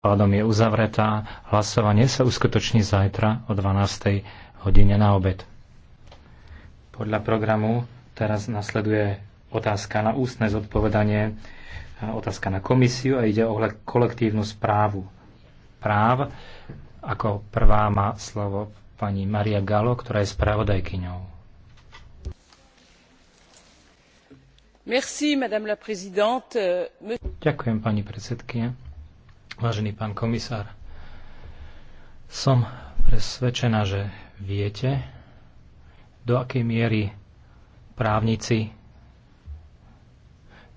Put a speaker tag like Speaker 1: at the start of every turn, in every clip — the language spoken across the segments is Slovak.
Speaker 1: Pádom je uzavretá. Hlasovanie sa uskutoční zajtra o 12. hodine na obed. Podľa programu teraz nasleduje otázka na ústne zodpovedanie, otázka na komisiu a ide o kolektívnu správu práv. Ako prvá má slovo pani Maria Galo, ktorá je spravodajkyňou.
Speaker 2: Merci, madame la présidente.
Speaker 1: Ďakujem, pani predsedkynia Vážený pán komisár, som presvedčená, že viete, do akej miery právnici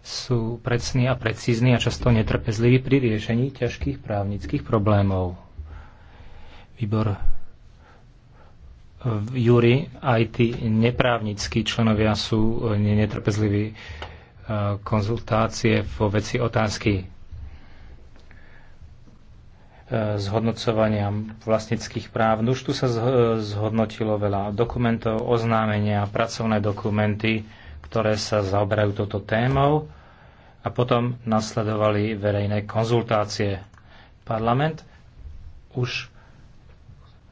Speaker 1: sú predsní a precízni a často netrpezliví pri riešení ťažkých právnických problémov. Výbor v eh, Júri aj tí neprávnickí členovia sú eh, netrpezliví eh, konzultácie vo veci otázky zhodnocovania vlastnických práv. Už tu sa zhodnotilo veľa dokumentov, oznámenia, pracovné dokumenty, ktoré sa zaoberajú touto témou a potom nasledovali verejné konzultácie. Parlament už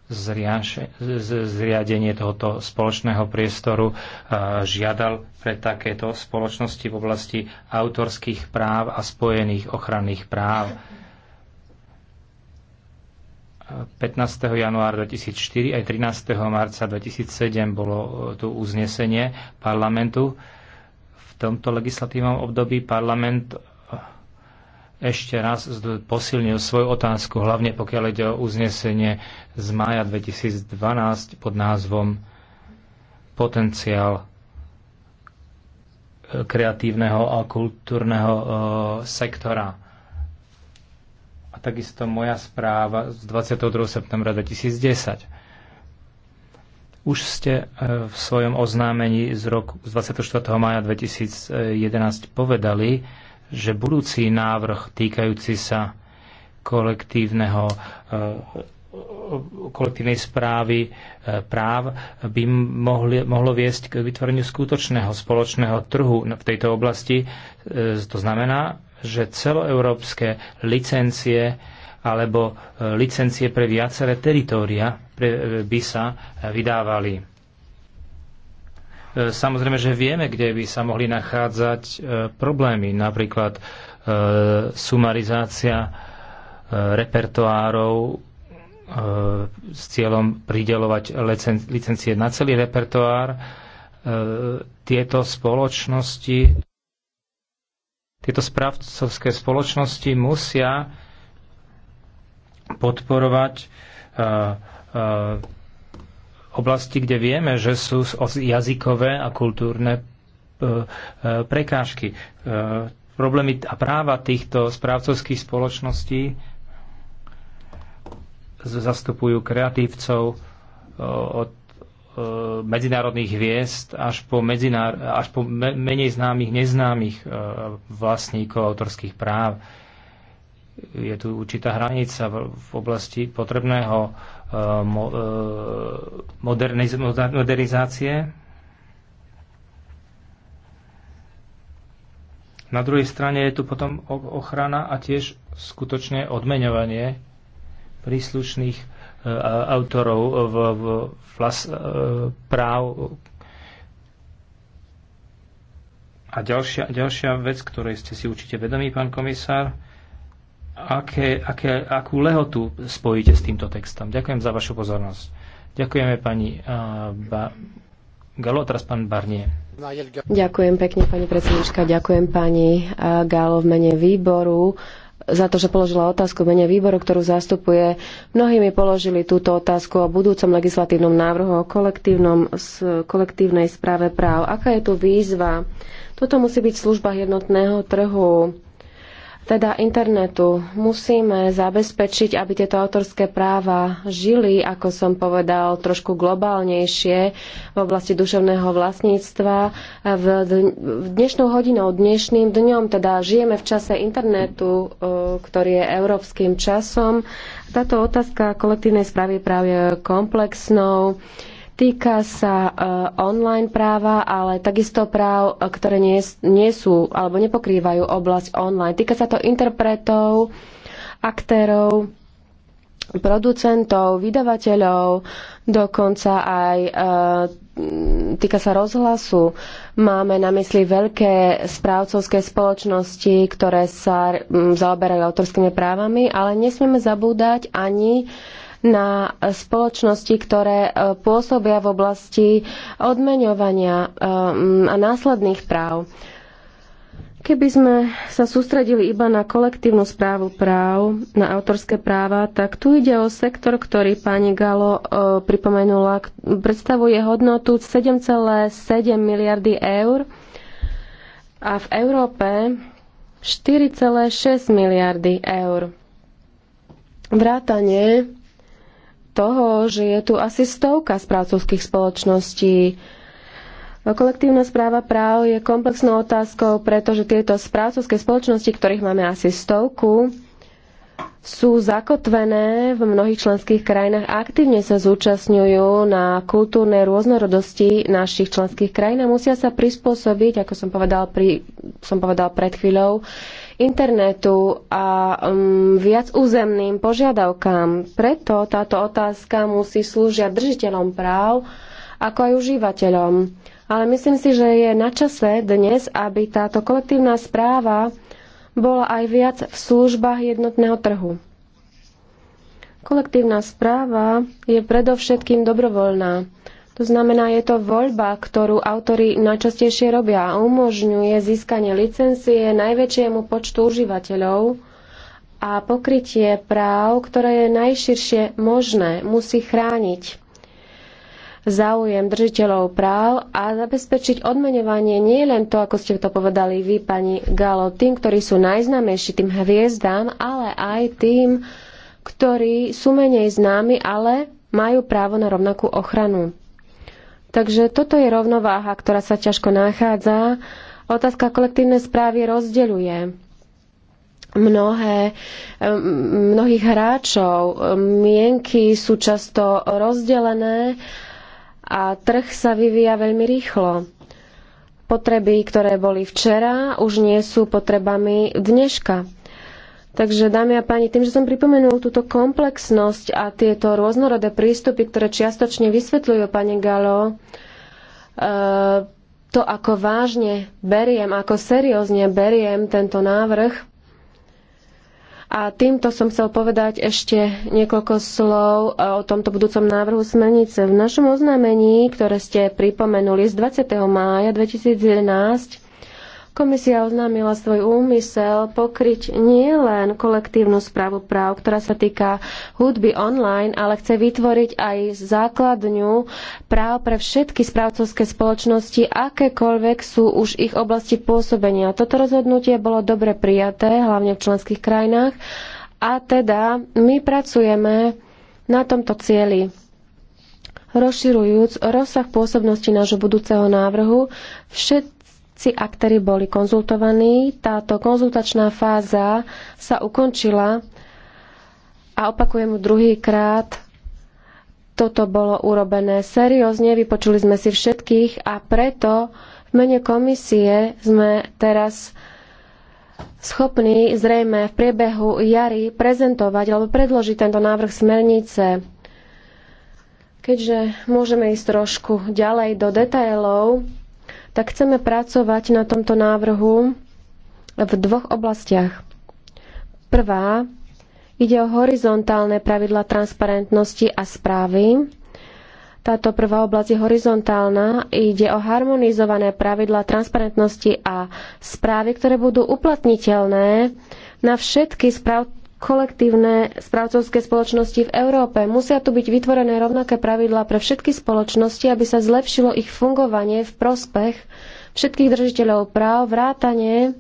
Speaker 1: zriadenie tohoto spoločného priestoru žiadal pre takéto spoločnosti v oblasti autorských práv a spojených ochranných práv 15. januára 2004 aj 13. marca 2007 bolo e, tu uznesenie parlamentu. V tomto legislatívnom období parlament e, ešte raz posilnil svoju otázku, hlavne pokiaľ ide o uznesenie z mája 2012 pod názvom Potenciál e, kreatívneho a kultúrneho sektora takisto moja správa z 22. septembra 2010. Už ste e, v svojom oznámení z, roku, z 24. maja 2011 povedali, že budúci návrh týkajúci sa kolektívneho e, kolektívnej správy e, práv by mohli, mohlo viesť k vytvoreniu skutočného spoločného trhu v tejto oblasti. E, to znamená, že celoeurópske licencie alebo e, licencie pre viaceré teritória by sa vydávali. Samozrejme, že vieme, kde by sa mohli nachádzať problémy, napríklad sumarizácia repertoárov E, s cieľom pridelovať licencie na celý repertoár. E, tieto spoločnosti, tieto správcovské spoločnosti musia podporovať e, oblasti, kde vieme, že sú jazykové a kultúrne prekážky. Problémy a práva týchto správcovských spoločností zastupujú kreatívcov od medzinárodných hviezd až po, medzinár, až po menej známych, neznámych e, vlastníkov autorských práv. Je tu určitá hranica v oblasti potrebného e, e, modernizácie. Na druhej strane je tu potom ochrana a tiež skutočné odmeňovanie príslušných e, autorov v, v vlas, e, práv. A ďalšia, ďalšia vec, ktorej ste si určite vedomí, pán komisár, aké, aké, akú lehotu spojíte s týmto textom. Ďakujem za vašu pozornosť. Ďakujeme pani uh, ba, Galo, teraz pán Barnie.
Speaker 3: Ďakujem pekne, pani predsednička. Ďakujem pani Galo v mene výboru. Uh, za to, že položila otázku menej výboru, ktorú zastupuje. Mnohí mi položili túto otázku o budúcom legislatívnom návrhu o kolektívnom, kolektívnej správe práv. Aká je tu výzva? Toto musí byť služba jednotného trhu teda internetu. Musíme zabezpečiť, aby tieto autorské práva žili, ako som povedal, trošku globálnejšie v oblasti duševného vlastníctva. V dnešnou hodinou, dnešným dňom, teda žijeme v čase internetu, e, ktorý je európskym časom. Táto otázka kolektívnej správy práve je komplexnou Týka sa eh, online práva, ale takisto práv, eh, ktoré nie, nie sú alebo nepokrývajú oblasť online. Týka sa to interpretov, aktérov, producentov, vydavateľov, dokonca aj eh, týka sa rozhlasu. Máme na mysli veľké správcovské spoločnosti, ktoré sa zaoberajú autorskými právami, ale nesmieme zabúdať ani na spoločnosti, ktoré e, pôsobia v oblasti odmeňovania e, a následných práv. Keby sme sa sústredili iba na kolektívnu správu práv, na autorské práva, tak tu ide o sektor, ktorý pani Galo e, pripomenula, predstavuje hodnotu 7,7 miliardy eur a v Európe 4,6 miliardy eur. Vrátanie toho, že je tu asi stovka správcovských spoločností. Kolektívna správa práv je komplexnou otázkou, pretože tieto správcovské spoločnosti, ktorých máme asi stovku, sú zakotvené v mnohých členských krajinách aktívne sa zúčastňujú na kultúrnej rôznorodosti našich členských krajín a musia sa prispôsobiť, ako som povedal, pri, som povedal pred chvíľou, internetu a um, viac územným požiadavkám. Preto táto otázka musí slúžia držiteľom práv ako aj užívateľom. Ale myslím si, že je na čase dnes, aby táto kolektívna správa bola aj viac v službách jednotného trhu. Kolektívna správa je predovšetkým dobrovoľná to znamená, je to voľba, ktorú autory najčastejšie robia a umožňuje získanie licencie najväčšiemu počtu užívateľov a pokrytie práv, ktoré je najširšie možné, musí chrániť záujem držiteľov práv a zabezpečiť odmenovanie nie len to, ako ste to povedali vy, pani Galo, tým, ktorí sú najznámejší, tým hviezdám, ale aj tým, ktorí sú menej známi, ale majú právo na rovnakú ochranu. Takže toto je rovnováha, ktorá sa ťažko nachádza. Otázka kolektívnej správy rozdeľuje mnohé, mnohých hráčov. Mienky sú často rozdelené a trh sa vyvíja veľmi rýchlo. Potreby, ktoré boli včera, už nie sú potrebami dneška Takže, dámy a páni, tým, že som pripomenul túto komplexnosť a tieto rôznorodé prístupy, ktoré čiastočne vysvetľujú pani Galo, e, to, ako vážne beriem, ako seriózne beriem tento návrh, a týmto som chcel povedať ešte niekoľko slov e, o tomto budúcom návrhu smernice. V našom oznámení, ktoré ste pripomenuli z 20. mája 2011, Komisia oznámila svoj úmysel pokryť nielen kolektívnu správu práv, ktorá sa týka hudby online, ale chce vytvoriť aj základňu práv pre všetky správcovské spoločnosti, akékoľvek sú už ich oblasti pôsobenia. Toto rozhodnutie bolo dobre prijaté, hlavne v členských krajinách, a teda my pracujeme na tomto cieli rozširujúc rozsah pôsobnosti nášho budúceho návrhu, všet, Všetci aktéry boli konzultovaní. Táto konzultačná fáza sa ukončila a opakujem druhýkrát, toto bolo urobené seriózne, vypočuli sme si všetkých a preto v mene komisie sme teraz schopní zrejme v priebehu jary prezentovať alebo predložiť tento návrh smernice. Keďže môžeme ísť trošku ďalej do detailov, tak chceme pracovať na tomto návrhu v dvoch oblastiach. Prvá ide o horizontálne pravidla transparentnosti a správy. Táto prvá oblasť je horizontálna. Ide o harmonizované pravidla transparentnosti a správy, ktoré budú uplatniteľné na všetky správ kolektívne správcovské spoločnosti v Európe. Musia tu byť vytvorené rovnaké pravidlá pre všetky spoločnosti, aby sa zlepšilo ich fungovanie v prospech všetkých držiteľov práv, vrátane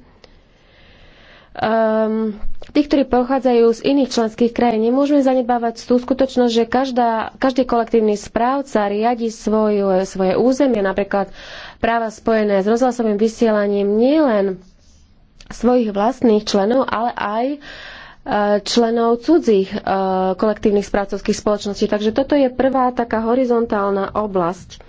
Speaker 3: um, tých, ktorí pochádzajú z iných členských krajín. Nemôžeme zanedbávať tú skutočnosť, že každá, každý kolektívny správca riadi svoju, svoje územie, napríklad práva spojené s rozhlasovým vysielaním nielen svojich vlastných členov, ale aj uh, členov cudzích e, kolektívnych správcovských spoločností. Takže toto je prvá taká horizontálna oblasť.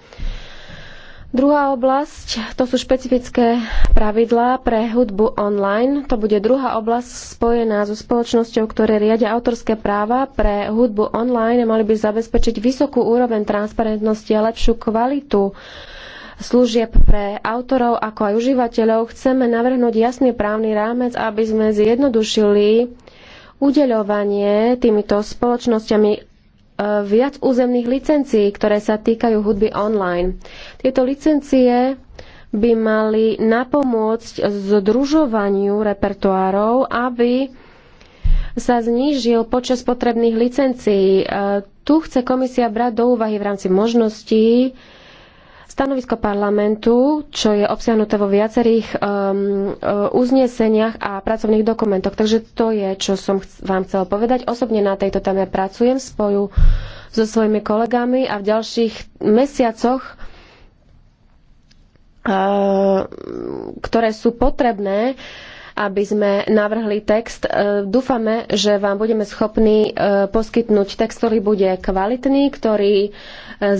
Speaker 3: Druhá oblasť, to sú špecifické pravidlá pre hudbu online. To bude druhá oblasť spojená so spoločnosťou, ktoré riadia autorské práva pre hudbu online a mali by zabezpečiť vysokú úroveň transparentnosti a lepšiu kvalitu služieb pre autorov ako aj užívateľov. Chceme navrhnúť jasný právny rámec, aby sme zjednodušili udeľovanie týmito spoločnosťami e, viac územných licencií, ktoré sa týkajú hudby online. Tieto licencie by mali napomôcť združovaniu repertoárov, aby sa znížil počas potrebných licencií. E, tu chce komisia brať do úvahy v rámci možností Stanovisko parlamentu, čo je obsiahnuté vo viacerých um, uh, uzneseniach a pracovných dokumentoch. Takže to je, čo som chc- vám chcel povedať. Osobne na tejto téme pracujem spoju so svojimi kolegami a v ďalších mesiacoch, uh, ktoré sú potrebné, uh, aby sme navrhli text. E, dúfame, že vám budeme schopní e, poskytnúť text, ktorý bude kvalitný, ktorý e,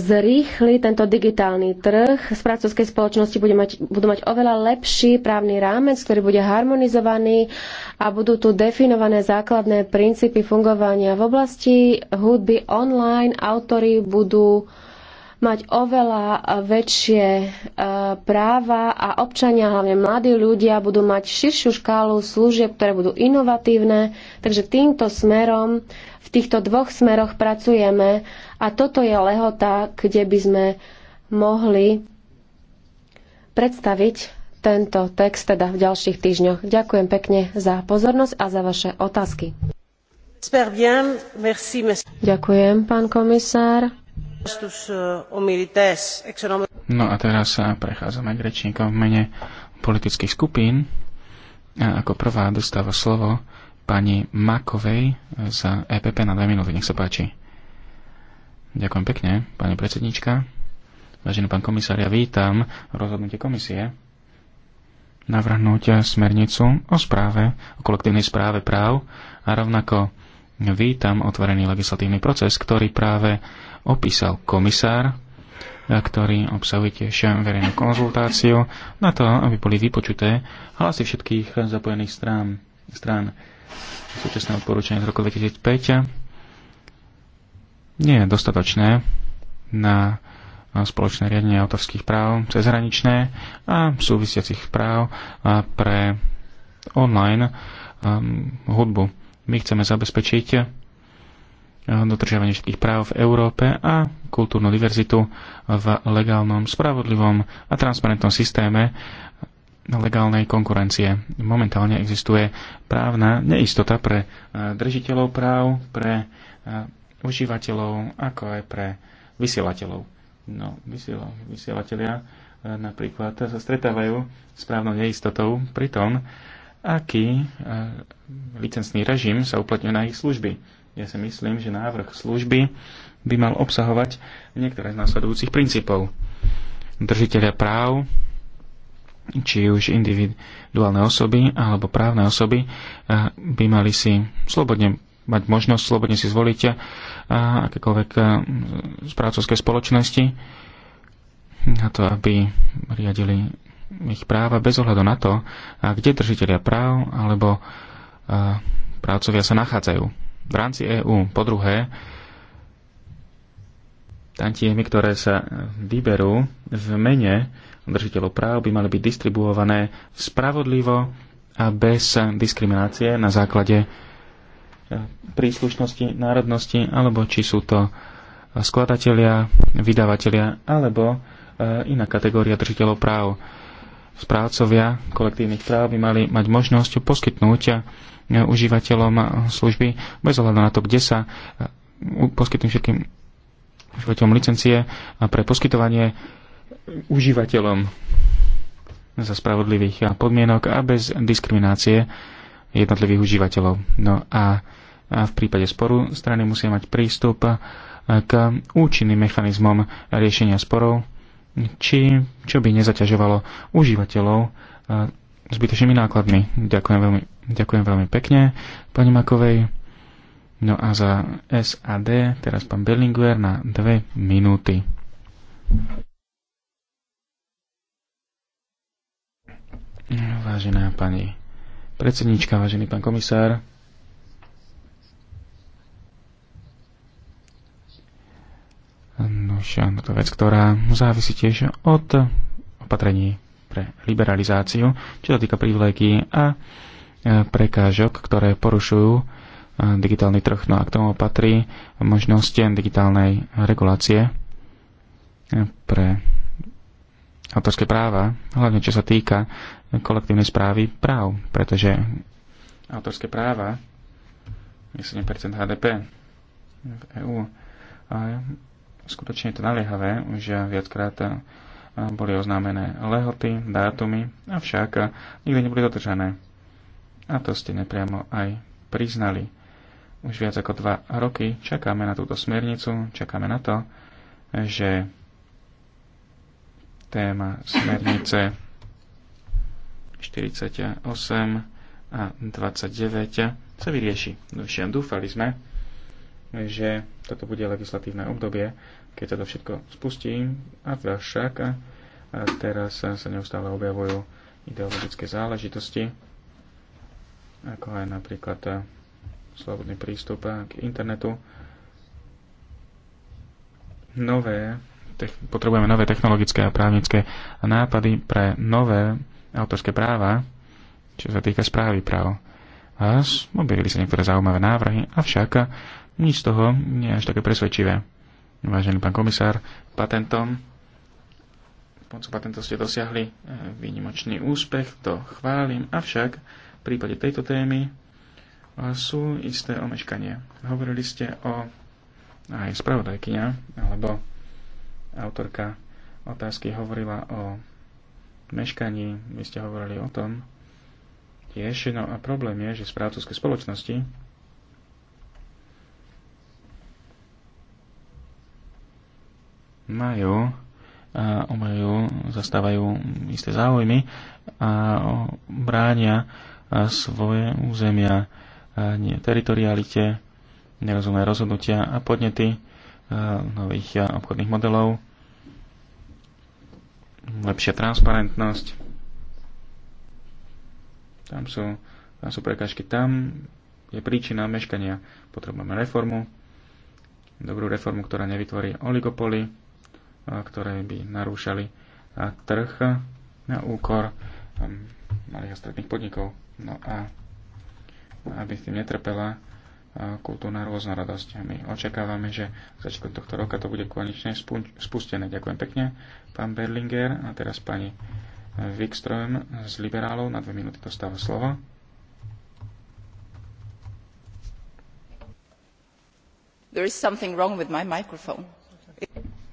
Speaker 3: zrýchli tento digitálny trh. Z pracovskej spoločnosti budú mať, budú mať oveľa lepší právny rámec, ktorý bude harmonizovaný a budú tu definované základné princípy fungovania v oblasti hudby online. Autory budú mať oveľa väčšie e, práva a občania, hlavne mladí ľudia, budú mať širšiu škálu služieb, ktoré budú inovatívne. Takže týmto smerom, v týchto dvoch smeroch pracujeme a toto je lehota, kde by sme mohli predstaviť tento text teda v ďalších týždňoch. Ďakujem pekne za pozornosť a za vaše otázky. Ďakujem, pán komisár.
Speaker 2: Eh,
Speaker 4: no a teraz sa prechádzame k rečníkom v mene politických skupín. A ako prvá dostáva slovo pani Makovej za EPP na 2 minúty. Nech sa páči. Ďakujem pekne, pani predsednička. Vážený pán komisár, ja vítam rozhodnutie komisie navrhnúť smernicu o správe, o kolektívnej správe práv a rovnako vítam otvorený legislatívny proces, ktorý práve opísal komisár, eh, ktorý obsahuje tiež verejnú konzultáciu na to, aby boli vypočuté hlasy všetkých zapojených strán. strán. súčasného odporúčania z roku 2005 nie je dostatočné na spoločné riadenie autorských práv cezhraničné a súvisiacich práv eh, pre online um, hudbu. My chceme zabezpečiť Eh, dodržiavanie všetkých práv v Európe a kultúrnu diverzitu v legálnom, spravodlivom a transparentnom systéme legálnej konkurencie. Momentálne existuje právna neistota pre eh, držiteľov práv, pre eh, užívateľov, ako aj pre vysielateľov. No, vysielateľia vysielatelia napríklad sa stretávajú s právnou neistotou pri tom, aký licenčný režim sa uplatňuje na ich služby ja si myslím, že návrh služby by mal obsahovať niektoré z následujúcich princípov. Držiteľia práv, či už individuálne osoby alebo právne osoby, eh, by mali si slobodne mať možnosť slobodne si zvoliť eh, akékoľvek správcovské eh, spoločnosti na to, aby riadili ich práva bez ohľadu na to, kde držiteľia práv alebo právcovia sa nachádzajú v rámci EÚ. Po druhé, tantiemy, ktoré sa vyberú v mene držiteľov práv, by mali byť distribuované spravodlivo a bez diskriminácie na základe e, príslušnosti, národnosti, alebo či sú to skladatelia, vydavatelia, alebo e, iná kategória držiteľov práv. Správcovia kolektívnych práv by mali mať možnosť poskytnúť užívateľom služby bez ohľadu na to, kde sa e, poskytnú všetkým užívateľom licencie a pre poskytovanie užívateľom za spravodlivých podmienok a bez diskriminácie jednotlivých užívateľov. No a v prípade sporu strany musia mať prístup k účinným mechanizmom riešenia sporov, či čo by nezaťažovalo užívateľov e, zbytočnými nákladmi. Ďakujem veľmi Ďakujem veľmi pekne pani Makovej. No a za SAD teraz pán Berlinguer na dve minúty. Vážená pani predsednička, vážený pán komisár, Nož, no to vec, ktorá závisí tiež od opatrení pre liberalizáciu, čo sa týka privilegií a prekážok, ktoré porušujú e, digitálny trh. No a k tomu patrí možnosť digitálnej regulácie e, pre autorské práva, hlavne čo sa týka kolektívnej správy práv, pretože autorské práva je 7% HDP v EÚ. A skutočne je to naliehavé, už viackrát e, boli oznámené lehoty, dátumy, avšak nikdy neboli dodržané a to ste nepriamo aj priznali. Už viac ako dva roky čakáme na túto smernicu, čakáme na to, že téma smernice 48 a 29 sa vyrieši. Všem no dúfali sme, že toto bude legislatívne obdobie, keď sa to všetko spustí, a však a teraz sa neustále objavujú ideologické záležitosti, ako aj napríklad eh, slobodný prístup eh, k internetu. Nové, potrebujeme nové technologické a právnické nápady pre nové autorské práva, čo sa týka správy práv. A objavili sa niektoré zaujímavé návrhy, avšak eh, nič z toho nie je až také presvedčivé. Vážený pán komisár, patentom pomocou patentov ste dosiahli výnimočný úspech, to chválim, avšak v prípade tejto témy sú isté omeškanie. Hovorili ste o aj spravodajkyňa, alebo autorka otázky hovorila o meškaní, vy ste hovorili o tom tiež, no a problém je, že správcovské spoločnosti majú a obajú, zastávajú isté záujmy a bránia svoje územia, nie teritorialite, nerozumné rozhodnutia a podnety nových obchodných modelov, lepšia transparentnosť. Tam sú, tam sú prekážky, tam je príčina meškania. Potrebujeme reformu, dobrú reformu, ktorá nevytvorí oligopoly, ktoré by narúšali trh na úkor malých a stredných podnikov. No a aby tým netrpela kultúrna rôznorodosť. My očakávame, že začiatkom tohto roka to bude konečne spustené. Ďakujem pekne, pán Berlinger. A teraz pani e, Wikström z Liberálov. Na dve minúty dostáva slovo.
Speaker 2: There is something wrong with my microphone.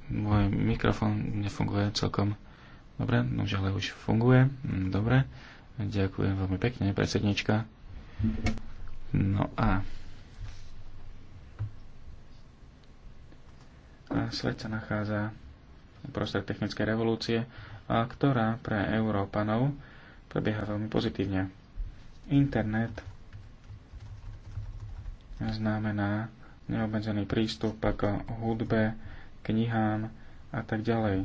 Speaker 4: Môj mikrofón nefunguje celkom dobre, no ale už funguje. Mm, dobre. Ďakujem veľmi pekne, predsednička. No a... a svet sa nachádza uprostred technickej revolúcie, a ktorá pre Európanov prebieha veľmi pozitívne. Internet znamená neobmedzený prístup k hudbe, knihám a tak ďalej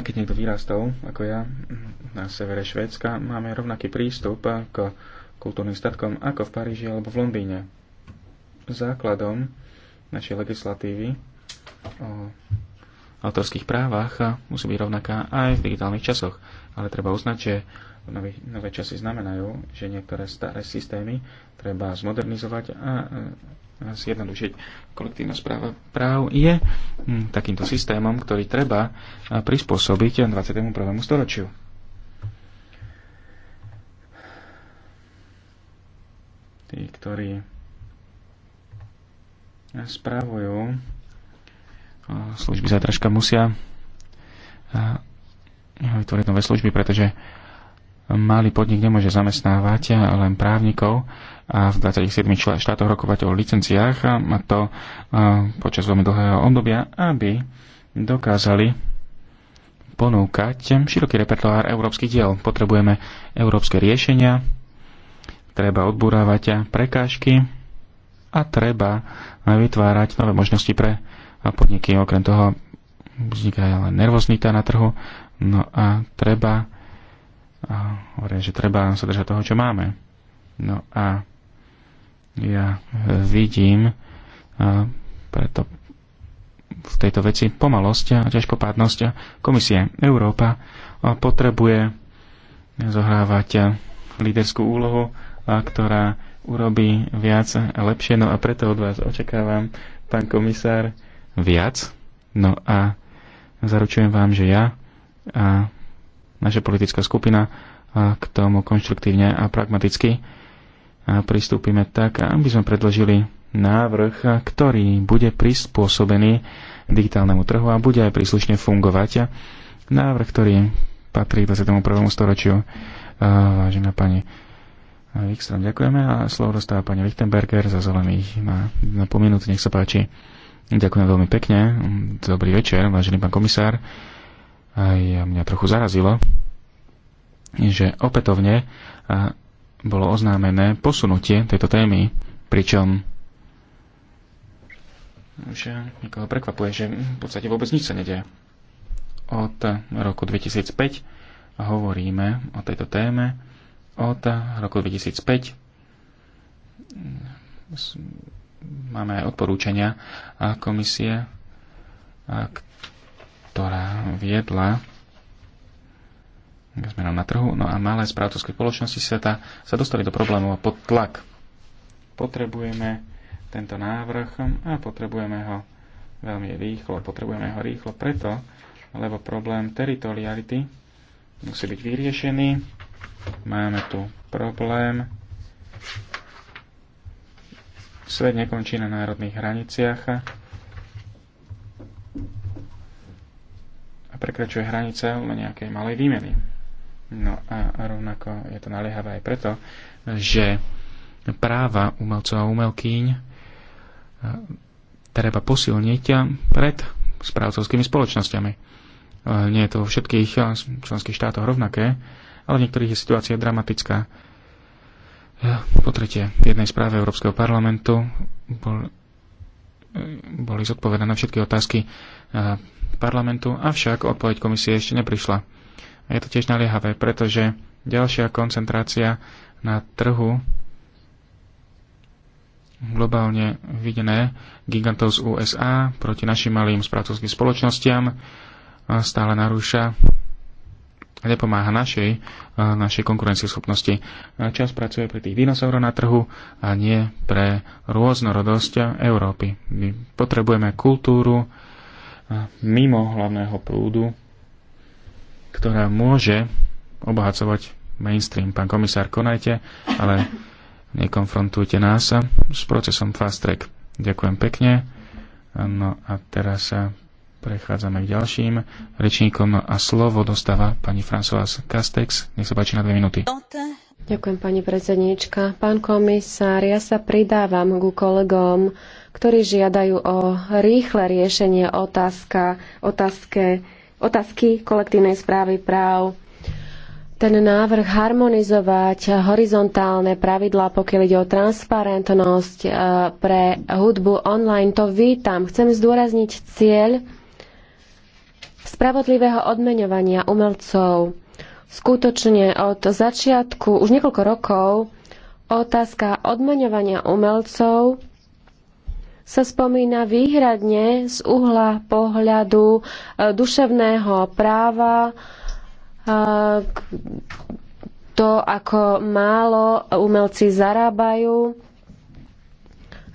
Speaker 4: a keď niekto vyrastol, ako ja, na severe Švédska, máme rovnaký prístup k kultúrnym statkom ako v Paríži alebo v Londýne. Základom našej legislatívy o autorských právach musí byť rovnaká aj v digitálnych časoch. Ale treba uznať, že nové, nové časy znamenajú, že niektoré staré systémy treba zmodernizovať a zjednodušiť. Kolektívna správa práv je hm, takýmto systémom, ktorý treba prispôsobiť 21. storočiu. Tí, ktorí spravujú služby zatražka, musia vytvoriť nové služby, pretože malý podnik nemôže zamestnávať len právnikov a v 27 štátoch rokovať o licenciách a to počas veľmi dlhého obdobia, aby dokázali ponúkať široký repertoár európskych diel. Potrebujeme európske riešenia, treba odburávať prekážky a treba vytvárať nové možnosti pre podniky. Okrem toho vzniká len nervoznita na trhu, no a treba a hovorím, že treba sa držať toho, čo máme. No a ja e, vidím a e, preto v tejto veci pomalosť a ťažkopádnosť komisie. Európa e, potrebuje zohrávať líderskú úlohu, ktorá urobí viac a lepšie. No a preto od vás očakávam, pán komisár, viac. No a zaručujem vám, že ja a naša politická skupina k tomu konštruktívne a pragmaticky pristúpime tak, aby sme predložili návrh, ktorý bude prispôsobený digitálnemu trhu a bude aj príslušne fungovať. Návrh, ktorý patrí 21. storočiu. Vážená pani Wikström, ďakujeme a slovo dostáva pani Lichtenberger za zelených na, na pominútu, nech sa páči. Ďakujem veľmi pekne. Dobrý večer, vážený pán komisár aj mňa trochu zarazilo, že opätovne bolo oznámené posunutie tejto témy, pričom už e, nikoho prekvapuje, že v podstate vôbec nič sa nedie. Od roku 2005 hovoríme o tejto téme. Od roku 2005 mm, máme aj odporúčania komisie, ktorá viedla zmenom na trhu. No a malé správcovské spoločnosti sveta sa dostali do problémov a pod tlak. Potrebujeme tento návrh a potrebujeme ho veľmi rýchlo. Potrebujeme ho rýchlo preto, lebo problém teritoriality musí byť vyriešený. Máme tu problém. Svet nekončí na národných hraniciach prekračuje hranice len nejakej malej výmeny. No a rovnako je to naliehavé aj preto, že práva umelcov a umelkyň e, treba posilniť pred správcovskými spoločnosťami. E, nie je to vo všetkých e, členských štátoch rovnaké, ale v niektorých je situácia dramatická. Po tretie, v jednej správe Európskeho parlamentu bol, boli zodpovedané všetky otázky parlamentu, avšak odpoveď komisie ešte neprišla. A je to tiež naliehavé, pretože ďalšia koncentrácia na trhu globálne videné gigantov z USA proti našim malým spracovským spoločnostiam stále narúša a nepomáha našej, našej konkurencieschopnosti. Čas pracuje pre tých dinosaurov na trhu a nie pre rôznorodosť Európy. My potrebujeme kultúru, mimo hlavného prúdu, ktorá môže obohacovať mainstream. Pán komisár, konajte, ale nekonfrontujte nás s procesom Fast Track. Ďakujem pekne. No a teraz sa prechádzame k ďalším rečníkom a slovo dostáva pani Françoise Castex. Nech sa páči na dve minúty.
Speaker 3: Ďakujem, pani predsedníčka. Pán komisár, ja sa pridávam ku kolegom, ktorí žiadajú o rýchle riešenie otázka, otázke, otázky kolektívnej správy práv. Ten návrh harmonizovať horizontálne pravidlá, pokiaľ ide o transparentnosť e, pre hudbu online, to vítam. Chcem zdôrazniť cieľ spravodlivého odmeňovania umelcov. Skutočne od začiatku, už niekoľko rokov, otázka odmeňovania umelcov sa spomína výhradne z uhla pohľadu e, duševného práva, e, to, ako málo umelci zarábajú.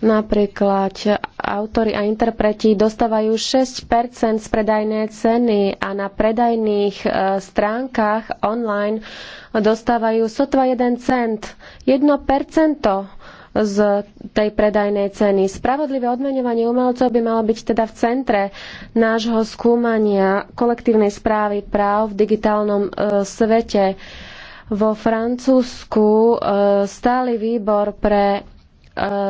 Speaker 3: Napríklad autori a interpreti dostávajú 6 z predajnej ceny a na predajných e, stránkach online dostávajú sotva 1 cent. 1 z tej predajnej ceny. Spravodlivé odmeňovanie umelcov by malo byť teda v centre nášho skúmania kolektívnej správy práv v digitálnom e, svete. Vo Francúzsku e, stály výbor pre e,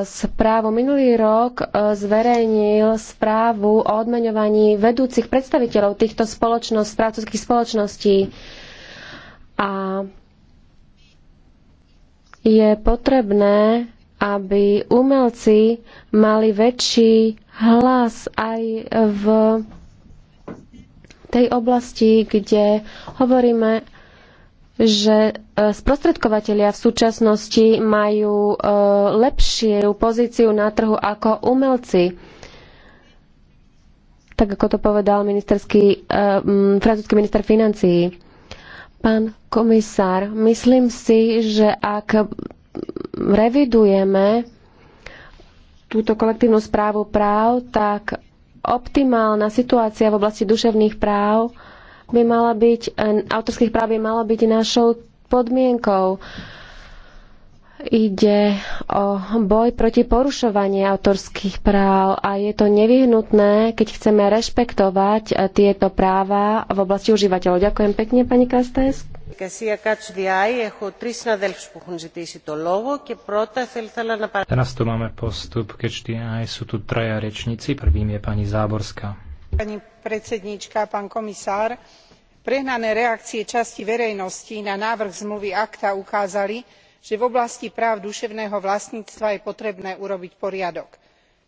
Speaker 3: správu. Minulý rok e, zverejnil správu o odmeňovaní vedúcich predstaviteľov týchto spoločnosť, pracovských spoločností. A je potrebné aby umelci mali väčší hlas aj v tej oblasti, kde hovoríme, že e, sprostredkovateľia v súčasnosti majú e, lepšiu pozíciu na trhu ako umelci. Tak ako to povedal ministerský, e, francúzsky minister financií. Pán komisár, myslím si, že ak revidujeme túto kolektívnu správu práv, tak optimálna situácia v oblasti duševných práv by mala byť, autorských práv by mala byť našou podmienkou. Ide o boj proti porušovanie autorských práv a je to nevyhnutné, keď chceme rešpektovať tieto práva v oblasti užívateľov. Ďakujem pekne, pani Kastes.
Speaker 2: Teraz
Speaker 1: tu máme postup, keď aj sú tu traja rečníci. Prvým je pani Záborská.
Speaker 2: Pani predsedníčka, pán komisár, prehnané reakcie časti verejnosti na návrh zmluvy acta ukázali, že v oblasti práv duševného vlastníctva je potrebné urobiť poriadok.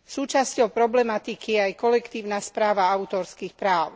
Speaker 2: Súčasťou problematiky je aj kolektívna správa autorských práv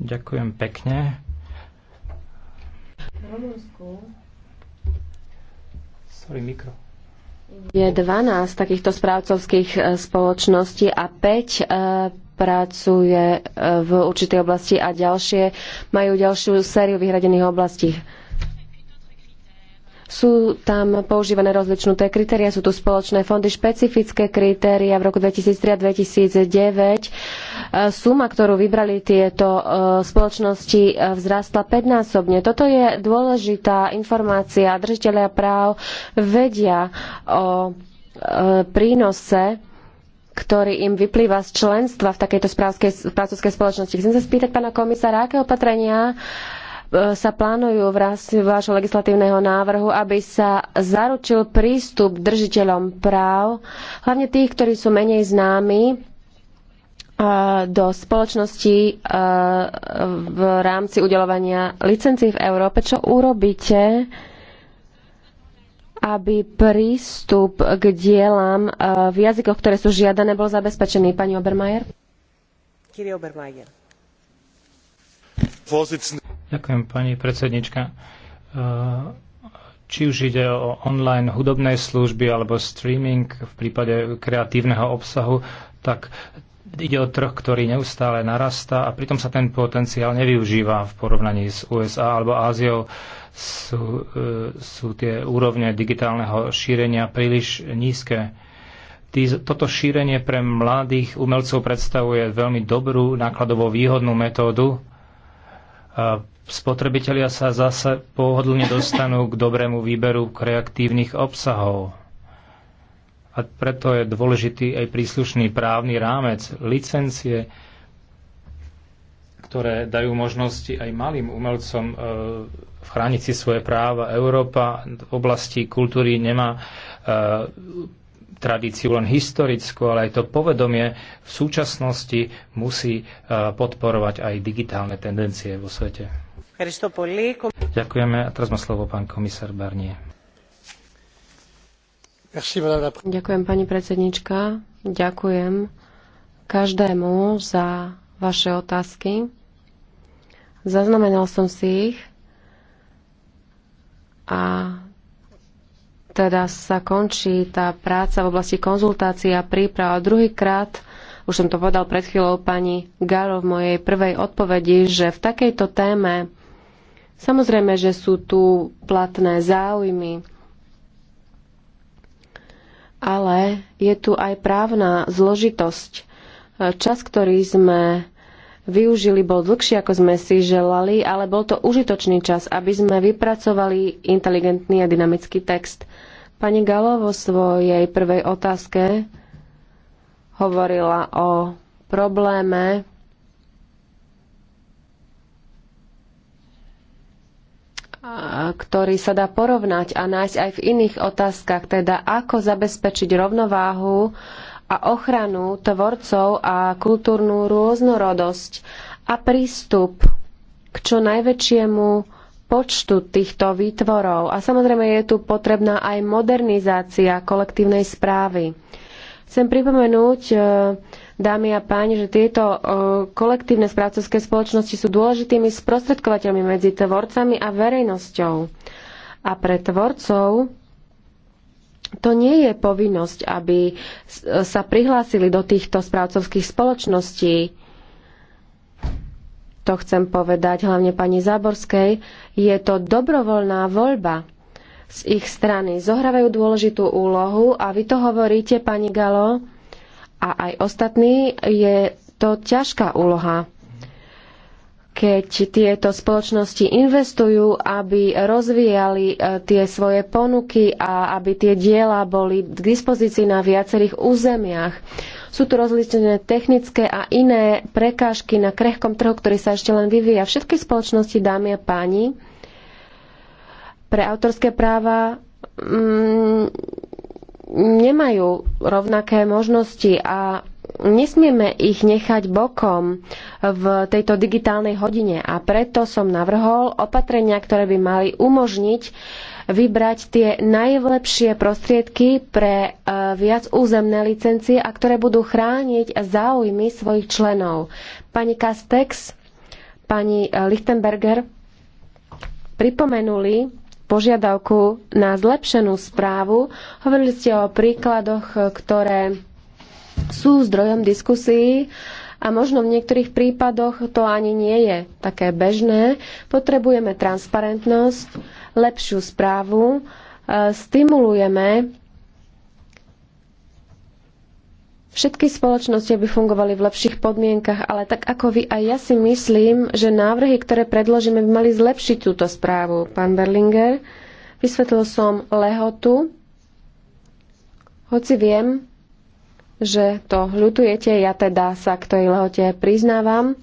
Speaker 1: Ďakujem pekne. Sorry, mikro.
Speaker 3: je 12 takýchto správcovských e, spoločností a 5 e, pracuje e, v určitej oblasti a ďalšie majú ďalšiu sériu vyhradených oblastí. Sú tam používané rozličnuté kritéria, sú tu spoločné fondy, špecifické kritéria v roku 2003 a 2009 E, suma, ktorú vybrali tieto e, spoločnosti, e, vzrastla 5-násobne. Toto je dôležitá informácia. Držiteľia práv vedia o prínose ktorý im vyplýva z členstva v takejto správcovskej spoločnosti. Chcem sa spýtať pána komisára, aké opatrenia sa plánujú v rámci vášho legislatívneho návrhu, aby sa zaručil prístup držiteľom práv, hlavne tých, ktorí sú menej známi, do spoločnosti v rámci udelovania licencií v Európe. Čo urobíte, aby prístup k dielam v jazykoch, ktoré sú žiadané, bol zabezpečený? Pani Obermajer?
Speaker 2: Obermajer. Ďakujem,
Speaker 1: pani predsednička. E, či už ide o online hudobné služby alebo streaming v prípade kreatívneho obsahu, tak Ide o trh, ktorý neustále narastá a pritom sa ten potenciál nevyužíva v porovnaní s USA alebo Áziou. Sú, e, sú tie úrovne digitálneho šírenia príliš nízke. Toto šírenie pre mladých umelcov predstavuje veľmi dobrú nákladovo výhodnú metódu. E, spotrebitelia sa zase pohodlne dostanú k dobrému výberu kreatívnych obsahov a preto je dôležitý aj príslušný právny rámec, licencie, ktoré dajú možnosti aj malým umelcom e, chrániť si svoje práva. Európa v oblasti kultúry nemá e, tradíciu len historickú, ale aj to povedomie v súčasnosti musí e, podporovať aj digitálne tendencie vo svete.
Speaker 3: Ďakujeme.
Speaker 1: A teraz má slovo pán komisár Barnier.
Speaker 3: Ďakujem, pani predsednička. Ďakujem každému za vaše otázky. Zaznamenal som si ich a teda sa končí tá práca v oblasti konzultácií a príprav. A druhýkrát, už som to povedal pred chvíľou pani Garo v mojej prvej odpovedi, že v takejto téme samozrejme, že sú tu platné záujmy, ale je tu aj právna zložitosť. Čas, ktorý sme využili, bol dlhší, ako sme si želali, ale bol to užitočný čas, aby sme vypracovali inteligentný a dynamický text. Pani Galo vo svojej prvej otázke hovorila o probléme ktorý sa dá porovnať a nájsť aj v iných otázkach, teda ako zabezpečiť rovnováhu a ochranu tvorcov a kultúrnu rôznorodosť a prístup k čo najväčšiemu počtu týchto výtvorov. A samozrejme je tu potrebná aj modernizácia kolektívnej správy. Chcem pripomenúť, e, dámy a páni, že tieto e, kolektívne správcovské spoločnosti sú dôležitými sprostredkovateľmi medzi tvorcami a verejnosťou. A pre tvorcov to nie je povinnosť, aby e, sa prihlásili do týchto správcovských spoločností. To chcem povedať hlavne pani Záborskej. Je to dobrovoľná voľba z ich strany zohrávajú dôležitú úlohu a vy to hovoríte, pani Galo, a aj ostatní, je to ťažká úloha. Keď tieto spoločnosti investujú, aby rozvíjali e, tie svoje ponuky a aby tie diela boli k dispozícii na viacerých územiach. Sú tu rozličené technické a iné prekážky na krehkom trhu, ktorý sa ešte len vyvíja. Všetky spoločnosti, dámy a páni, pre autorské práva mm, nemajú rovnaké možnosti a nesmieme ich nechať bokom v tejto digitálnej hodine a preto som navrhol opatrenia, ktoré by mali umožniť vybrať tie najlepšie prostriedky pre e, viac územné licencie a ktoré budú chrániť záujmy svojich členov. Pani Kastex, pani e, Lichtenberger pripomenuli požiadavku na zlepšenú správu. Hovorili ste o príkladoch, ktoré sú zdrojom diskusí a možno v niektorých prípadoch to ani nie je také bežné. Potrebujeme transparentnosť, lepšiu správu, e, stimulujeme Všetky spoločnosti by fungovali v lepších podmienkach, ale tak ako vy aj ja si myslím, že návrhy, ktoré predložíme, by mali zlepšiť túto správu. Pán Berlinger, vysvetlil som lehotu, hoci viem, že to ľutujete, ja teda sa k tej lehote priznávam.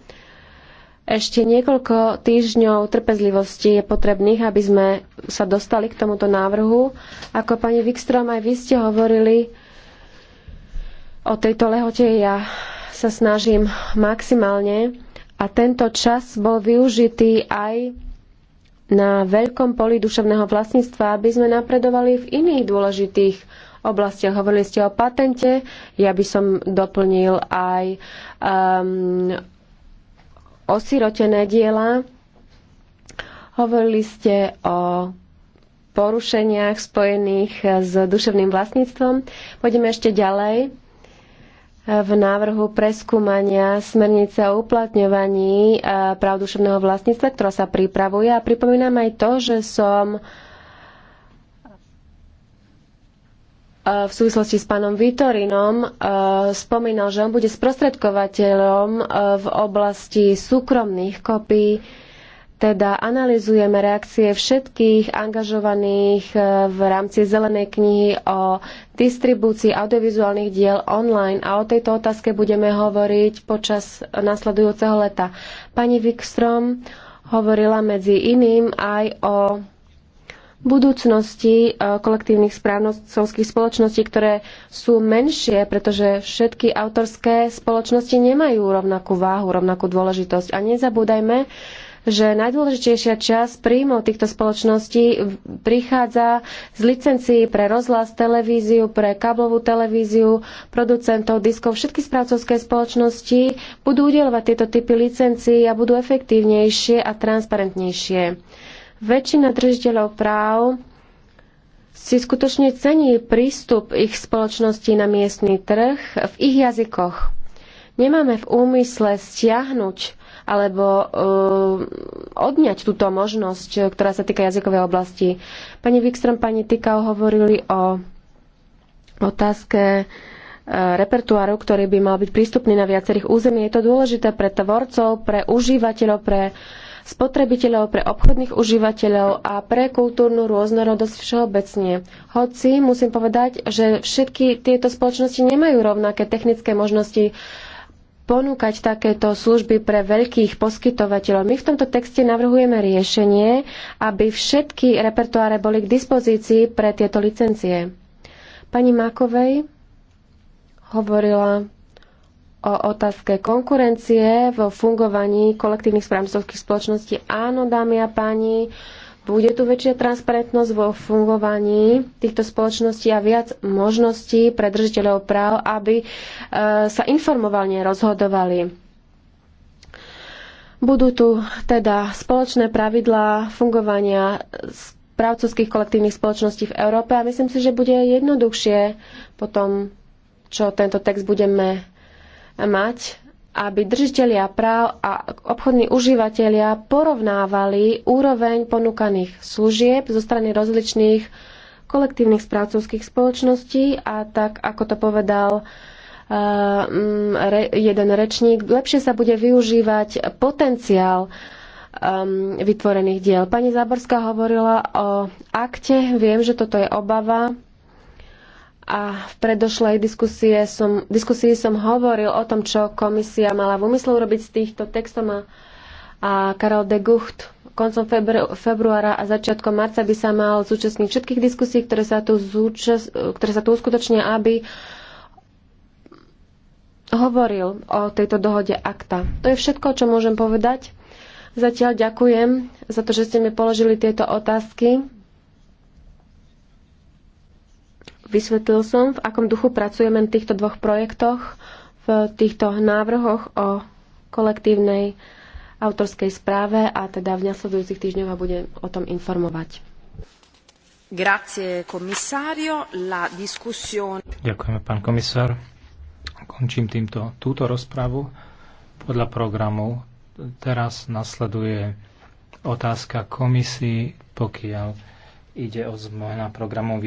Speaker 3: Ešte niekoľko týždňov trpezlivosti je potrebných, aby sme sa dostali k tomuto návrhu. Ako pani Wikström, aj vy ste hovorili, o tejto lehote ja sa snažím maximálne a tento čas bol využitý aj na veľkom poli duševného vlastníctva, aby sme napredovali v iných dôležitých oblastiach. Hovorili ste o patente, ja by som doplnil aj um, osirotené diela. Hovorili ste o porušeniach spojených s duševným vlastníctvom. Pôjdeme ešte ďalej v návrhu preskúmania smernice o uplatňovaní e, práv duševného vlastníctva, ktorá sa pripravuje. A pripomínam aj to, že som e, v súvislosti s pánom Vitorinom e, spomínal, že on bude sprostredkovateľom v oblasti súkromných kopií teda analizujeme reakcie všetkých angažovaných e, v rámci zelenej knihy o distribúcii audiovizuálnych diel online a o tejto otázke budeme hovoriť počas nasledujúceho leta. Pani Wikstrom hovorila medzi iným aj o budúcnosti e, kolektívnych správnostovských spoločností, ktoré sú menšie, pretože všetky autorské spoločnosti nemajú rovnakú váhu, rovnakú dôležitosť. A nezabúdajme, že najdôležitejšia časť príjmov týchto spoločností prichádza z licencií pre rozhlas, televíziu, pre káblovú televíziu, producentov diskov. Všetky správcovské spoločnosti budú udelovať tieto typy licencií a budú efektívnejšie a transparentnejšie. Väčšina držiteľov práv si skutočne cení prístup ich spoločnosti na miestny trh v ich jazykoch. Nemáme v úmysle stiahnuť alebo uh, odňať túto možnosť, eh, ktorá sa týka jazykovej oblasti. Pani Wikström, pani Tikau hovorili o otázke eh, repertuáru, ktorý by mal byť prístupný na viacerých území. Je to dôležité pre tvorcov, pre užívateľov, pre spotrebiteľov, pre obchodných užívateľov a pre kultúrnu rôznorodosť všeobecne. Hoci musím povedať, že všetky tieto spoločnosti nemajú rovnaké technické možnosti uh, ponúkať takéto služby pre veľkých poskytovateľov. My v tomto texte navrhujeme riešenie, aby všetky repertoáre boli k dispozícii pre tieto licencie. Pani Makovej hovorila o otázke konkurencie vo fungovaní kolektívnych správcovských spoločností. Áno, dámy a páni, bude tu väčšia transparentnosť vo fungovaní týchto spoločností a viac možností pre držiteľov práv, aby e, sa informovalne rozhodovali. Budú tu teda spoločné pravidlá fungovania správcovských kolektívnych spoločností v Európe a myslím si, že bude jednoduchšie potom, čo tento text budeme mať, aby držitelia práv a obchodní užívateľia porovnávali úroveň ponúkaných služieb zo strany rozličných kolektívnych správcovských spoločností a tak, ako to povedal eh, mm, jeden rečník, lepšie sa bude využívať potenciál ehm, vytvorených diel. Pani Záborská hovorila o akte, viem, že toto je obava a v predošlej diskusie som, diskusii som hovoril o tom, čo komisia mala v úmysle urobiť s týchto textom a, a Karel de Gucht koncom febru, februára a začiatkom marca by sa mal zúčastniť všetkých diskusí, ktoré sa tu, zúčast, ktoré sa tu uskutočnia, aby hovoril o tejto dohode akta. To je všetko, čo môžem povedať. Zatiaľ ďakujem za to, že ste mi položili tieto otázky. Vysvetlil som, v akom duchu pracujeme na týchto dvoch projektoch, v týchto návrhoch o kolektívnej autorskej správe a teda v nasledujúcich týždňoch a budem o tom informovať. Grazie, komisario. La discussione...
Speaker 1: Ďakujeme, pán komisár. Končím týmto túto rozpravu. Podľa programu teraz nasleduje otázka komisii, pokiaľ ide o zmena programov